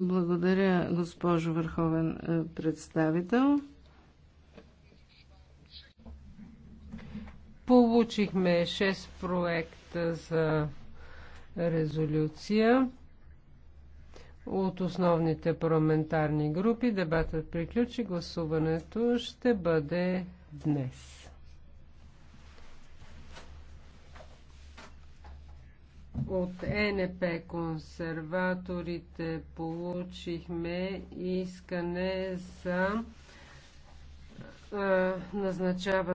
Благодаря, госпожо Върховен е, представител. Получихме 6 проекта за резолюция от основните парламентарни групи. Дебатът приключи. Гласуването ще бъде днес. От НП консерваторите получихме искане за назначаване